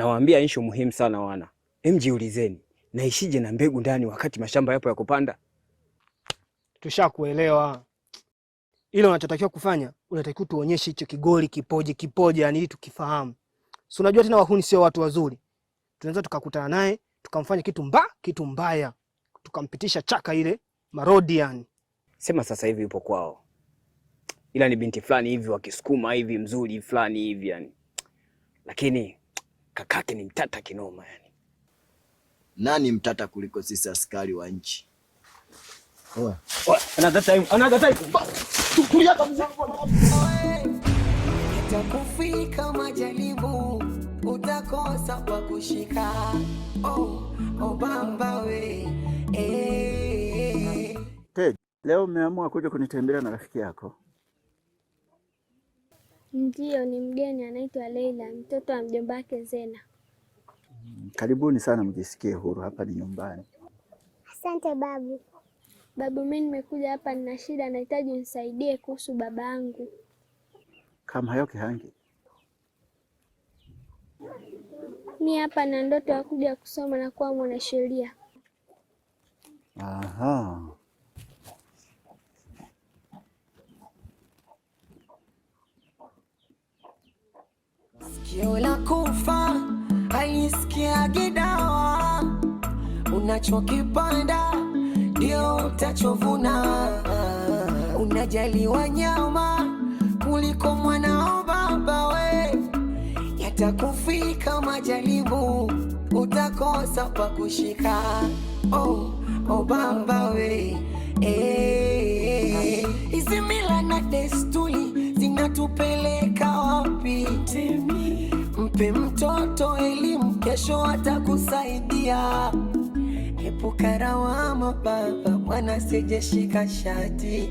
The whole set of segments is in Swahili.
Nawaambia inshu muhimu sana wana. Hem, jiulizeni naishije na mbegu ndani wakati mashamba yapo ya kupanda? Tushakuelewa. Ile unachotakiwa kufanya, unatakiwa tuonyeshe hicho kigoli kipoje kipoje, yani ili tukifahamu. Si unajua tena wahuni sio watu wazuri. Tunaweza tukakutana naye, tukamfanya kitu mba, kitu mbaya. Tukampitisha chaka ile marodi yani. Sema sasa hivi yupo kwao. Ila ni binti fulani hivi wakisukuma hivi mzuri fulani hivi yani. Lakini Kakake ni mtata kinoma yani. Nani mtata kuliko sisi askari wa nchi? Oa. Oa. Another time. Another time. Tulia kabisa. Itakufika majaribu, utakosa pa kushika. Oh, oh bamba we. Eh. eh, eh. Ted, leo umeamua kuja kunitembelea na rafiki yako. Ndiyo, ni mgeni anaitwa Leila, mtoto wa mjomba wake Zena. Karibuni sana, mjisikie huru, hapa ni nyumbani. Asante babu. Babu, mimi nimekuja hapa, nina shida, nahitaji nisaidie kuhusu baba yangu. Kama yoke hangi mi hapa na ndoto ya kuja kusoma na kuwa mwanasheria. Aha. Sikio la kufa halisikiagi dawa, unachokipanda ndio utachovuna. Unajali wanyama kuliko mwanao baba we, yatakufika majaribu, utakosa pa kushika. Oh, oh baba we eh, eh, eh. hizi hey. Mila na desturi zinatupeleka Mpe mtoto elimu, kesho atakusaidia. Epuka lawama baba, mwana asijeshika shati.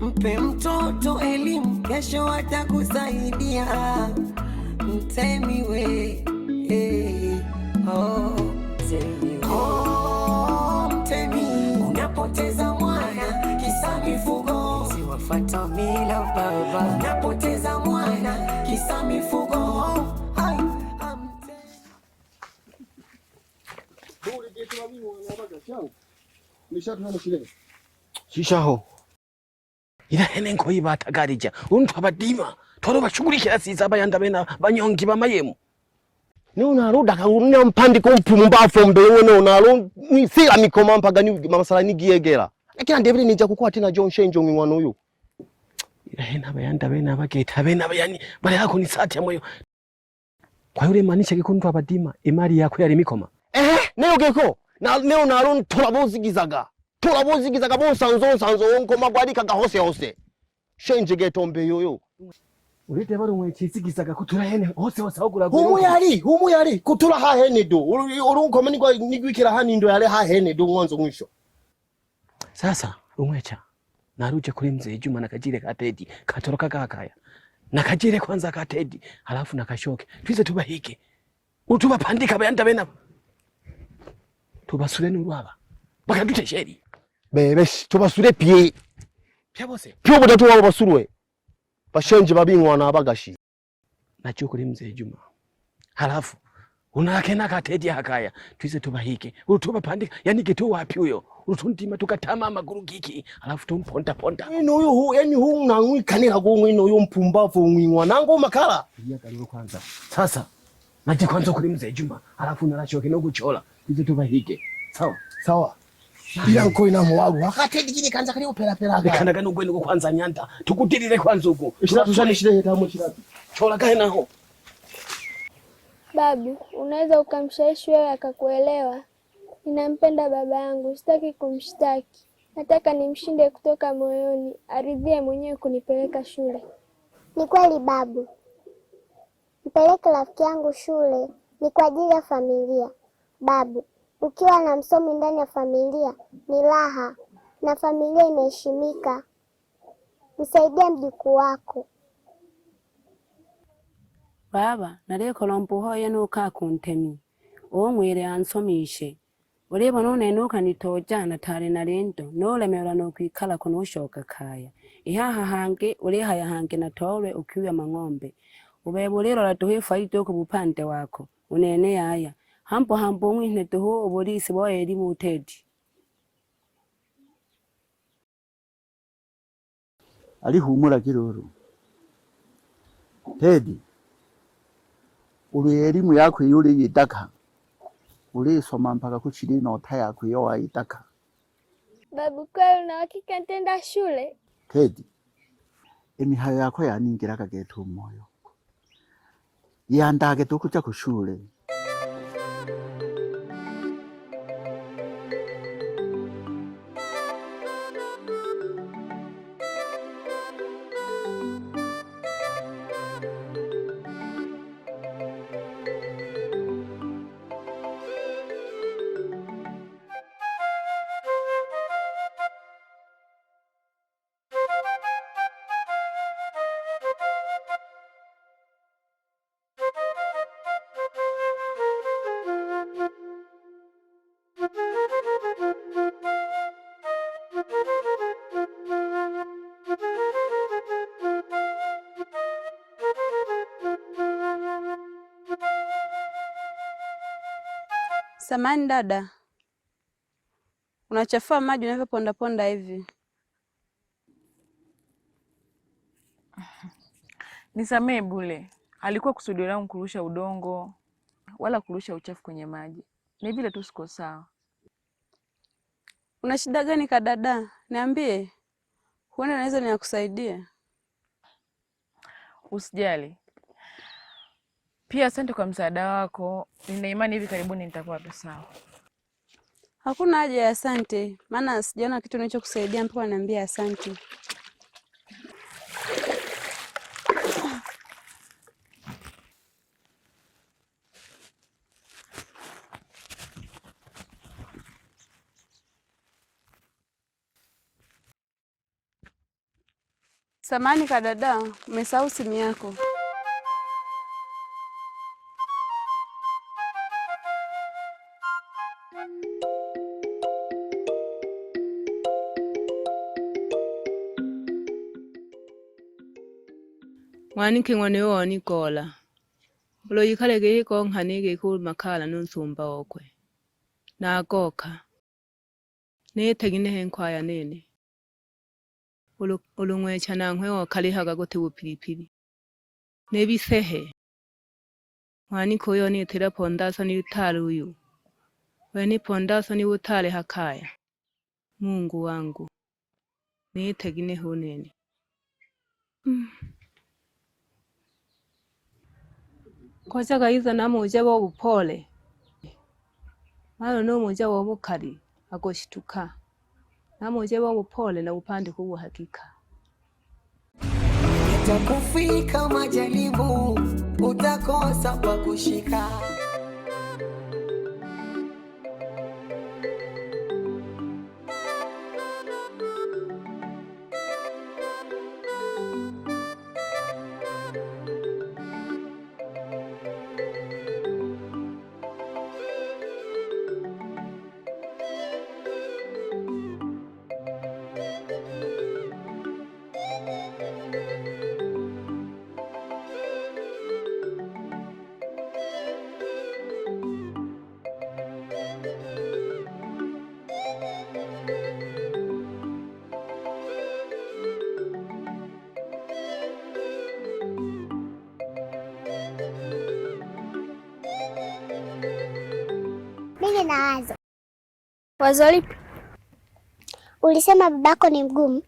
Mpe mtoto elimu, kesho atakusaidia. Mtemi we, hey, eh, oh, oh, mtemi, unapoteza baba. napoteza mwana kisa mifugo. shishaho ilahenengo ibatagalija untu abadima toro bashugulikila siza bayanda bena banyongi bamayemu niunaludaka nampandika mpumu mbafu mbewe nonalo sila mikoma mpaga mamasala nigiegela lakini andevile nija John jonshenjo ng'ing'wana uyu ndabenabaketabenabe eh, mara yako ni sati ya moyo kwa yule manisha giko ntu abadima imari yako yari mikoma ehe neo geko na neo naro nturabozigizaga turabozigizaga bonsanzo nsanzo wonkoma gwarikaga hose hose shenje getombe yoyo urite bari umwe kizigizaga kutura hene hose hose aho gurago humu yari humu yari kutura ha hene do urunkoma nigwikira hani ndo yale ha hene do mwanzo mwisho sasa rumwecha naruje kuri mzee Juma na kajire ka katedi katoroka kakaya na kajire kwanza ka katedi halafu na kashoke twize tuba hike utuba pandika bayanda bena tubasure baka dute sheri bebeshi tubasure pie pia bose pye bodatu wabo basurwe bashenje babinwa na bagashi na chukuri mzee Juma halafu unakena katedi hakaya twize tubahike utuba pandika yani kitu wapi huyo uruthundima tukatama maguru kiki alafu tumponda ponta ino yaani uyu hu yani hu nangwikanira kumwe ino uyu mpumbavu ngwingwa nango makala iya kaliro kwanza sasa nati kwanza kuli mzee Juma alafu nalachoke no kuchola hizo izo tubahike sawa sawa bila nko ina mwalu akati dikini kanza kali upera pera kana kana ugwenu kwanza nyanda tukutirire kwanza uko chiratu chani chire hetamu chiratu chola kae naho babu unaweza ukamshawishi wewe akakuelewa Ninampenda baba yangu, sitaki kumshtaki. Nataka nimshinde kutoka moyoni, aridhie mwenyewe kunipeleka shule. Ni kweli babu, mpeleke rafiki yangu shule ni kwa ajili ya familia. Babu, ukiwa na msomi ndani ya familia ni raha na familia inaheshimika. Msaidie mjukuu wako. Baba, nalekolo mpuhoye nuuka kuntemi omwile ansomishe ureeba noonenuuka nitoojana taale na lento noolemerwa nookwikalako kaya kaaya ihaha hange ulihaya hange natoolwe ukiuya mang'ombe ubeeba ulilora tuhu ifaita oku vupande wako unene yaya hambo hambo ung'winhe tuhu ubulisi bwa elimu utedi alihumula kilulu tedi uli elimu yako yuli yitaka ulisoma mpaka kuchili nota yako iyo waitaka babu kweli na hakika ntenda shule tedi emihayo yako yaningiraga getu umoyo yandage tukuja kushule Samani dada, unachafua maji unavyopondaponda hivi. Nisamee Bule, alikuwa kusudio langu kurusha udongo wala kurusha uchafu kwenye maji, ni vile tu siko sawa. Una shida gani kadada? Niambie, huenda naweza ninakusaidia. Usijali, pia asante kwa msaada wako, nina imani hivi karibuni nitakuwa tu sawa. Hakuna haja ya asante, maana sijaona kitu nilichokusaidia mpaka niambia asante. Samani kadada, umesahau simu yako. Mwanikeng'wana iwo wonikoola, mbolo yikhale kiikonkha nikiikhulu makhala nsumba wokwe, naakokha, niitheki nehe nkwaya nini, ulung'wecha nankhe wookhalihaga kuti wupilipili, nivisehe, mwanikha oyo niithira pondaso utale uyu, weeni pondaso niwuttale hakaya Mungu wangu, niitheki nehe unene mm. na muja namuje gobupole mano no muja agoshtuka namuje agoshituka na na upande kuwa hakika Utakufika majaribu, utakosa pa kushika. na wazo. Wazo lipi? Ulisema babako ni mgumu.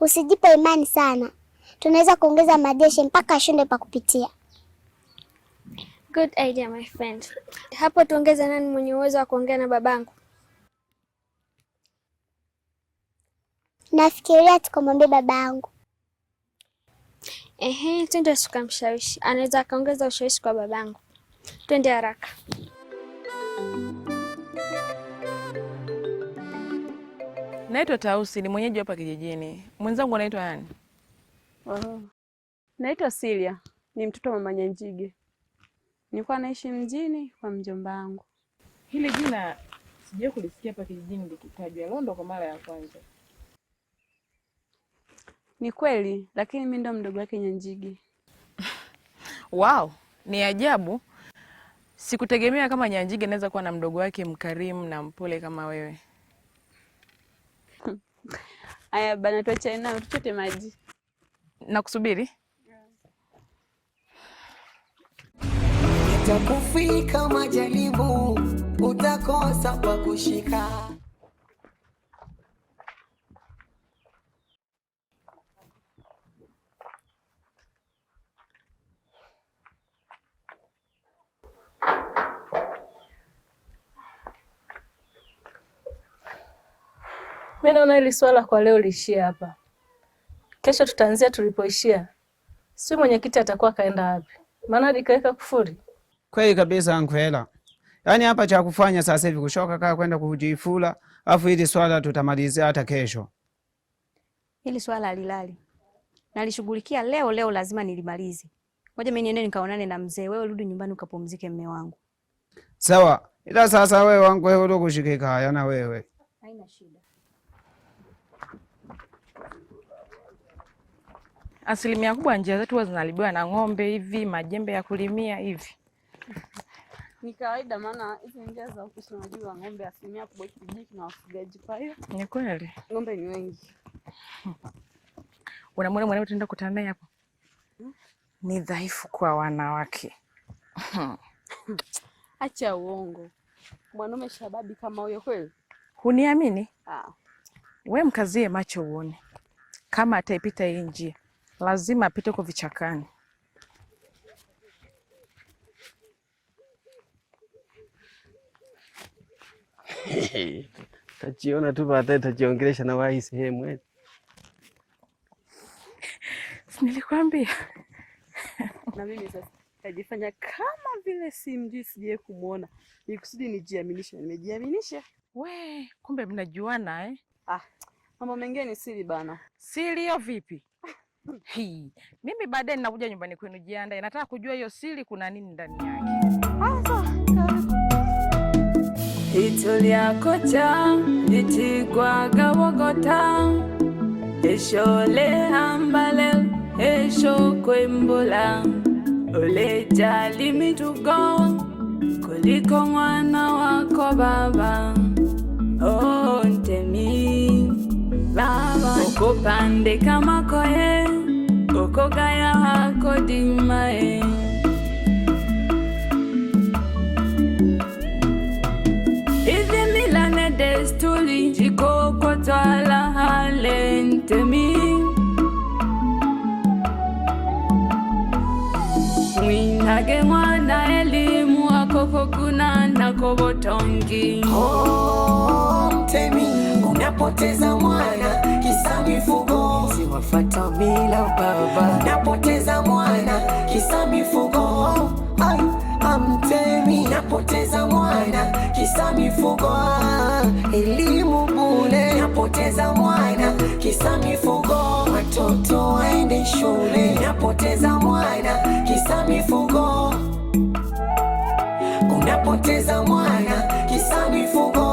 Usijipe imani sana, tunaweza kuongeza majeshi mpaka ashinde pa kupitia. Good idea my friend. Hapo tuongeze nani mwenye uwezo wa kuongea na babangu? Nafikiria tukamwambia babangu. Ehe, twende tukamshawishi, anaweza akaongeza ushawishi kwa babangu. Twende haraka. Naitwa Tausi, ni mwenyeji hapa kijijini. Mwenzangu anaitwa nani? Oh. Naitwa Silia, ni mtoto wa mama Nyanjige. Nilikuwa naishi mjini kwa mjomba wangu. Hili jina sijawahi kulisikia hapa kijijini likitajwa. Londo kwa mara ya kwanza. Ni kweli, lakini mimi ndo mdogo wake Nyanjige. Wow, ni ajabu. Sikutegemea kama Nyanjige naweza kuwa na mdogo wake mkarimu na mpole kama wewe. Aya bana, tuacha na tuchote maji na kusubiri itakufika majaribu, utakosa pa kushika. Mimi naona hili swala kwa leo liishie hapa. Kesho tutaanzia tulipoishia. Si mwenyekiti atakuwa kaenda wapi? Maana alikaweka kufuri. Kweli kabisa Ankwela. Yaani hapa cha kufanya sasa hivi kushoka kaa kwenda kujifula, afu hili swala tutamalizia hata kesho. Hili swala alilali. Nalishughulikia leo leo, lazima nilimalize. Ngoja mimi niende nikaonane na mzee. Wewe rudi nyumbani ukapumzike, mme wangu. Sawa. Ila sasa wewe wangu wewe ndio kushikika, yana wewe. Haina shida. asilimia kubwa njia zetu huwa zinalibiwa na ng'ombe hivi, majembe ya kulimia hivi. Ni kawaida, maana hizi njia za huku tunajua ng'ombe asilimia kubwa kijiji kuna wafugaji, kwa hiyo ni kweli ng'ombe ni wengi. Unamwona mwanamke tunaenda kutana naye hapo, ni dhaifu kwa wanawake. Acha uongo, mwanaume shababi kama huyo kweli? Huniamini? Ah, we mkazie macho uone kama ataipita hii njia lazima apite kwa vichakani. Tachiona tu baadaye, tachiongelesha na wahi sehemu. Nilikwambia na mimi sasa najifanya kama vile simjui, sijie kumwona ni kusudi nijiaminishe. Nimejiaminisha we, kumbe mnajuana eh? Ah, mambo mengine ni siri bana. Siri hiyo vipi? Hii. Mimi baadaye ninakuja nyumbani kwenu, jiandae. Nataka kujua hiyo siri, kuna nini ndani yake. Ah, ah. Ituliakocha itigwagawogota esholehambale eshokwembula ulejali mitugo kuliko mwana wako baba oh, ntemi baba kama makoye okogaya kodima e izi milane desturi jikokotwala halentemi mwinage mwana elimu akoko kuna nakobotongi oh, napoteza mwana kisa mifugo, siwafata mila baba, napoteza mwana kisa mifugo, amtemi, napoteza mwana kisa mifugo, elimu bule, napoteza mwana kisa mifugo, watoto waende shule, napoteza mwana kisa mifugo, unapoteza mwana kisa mifugo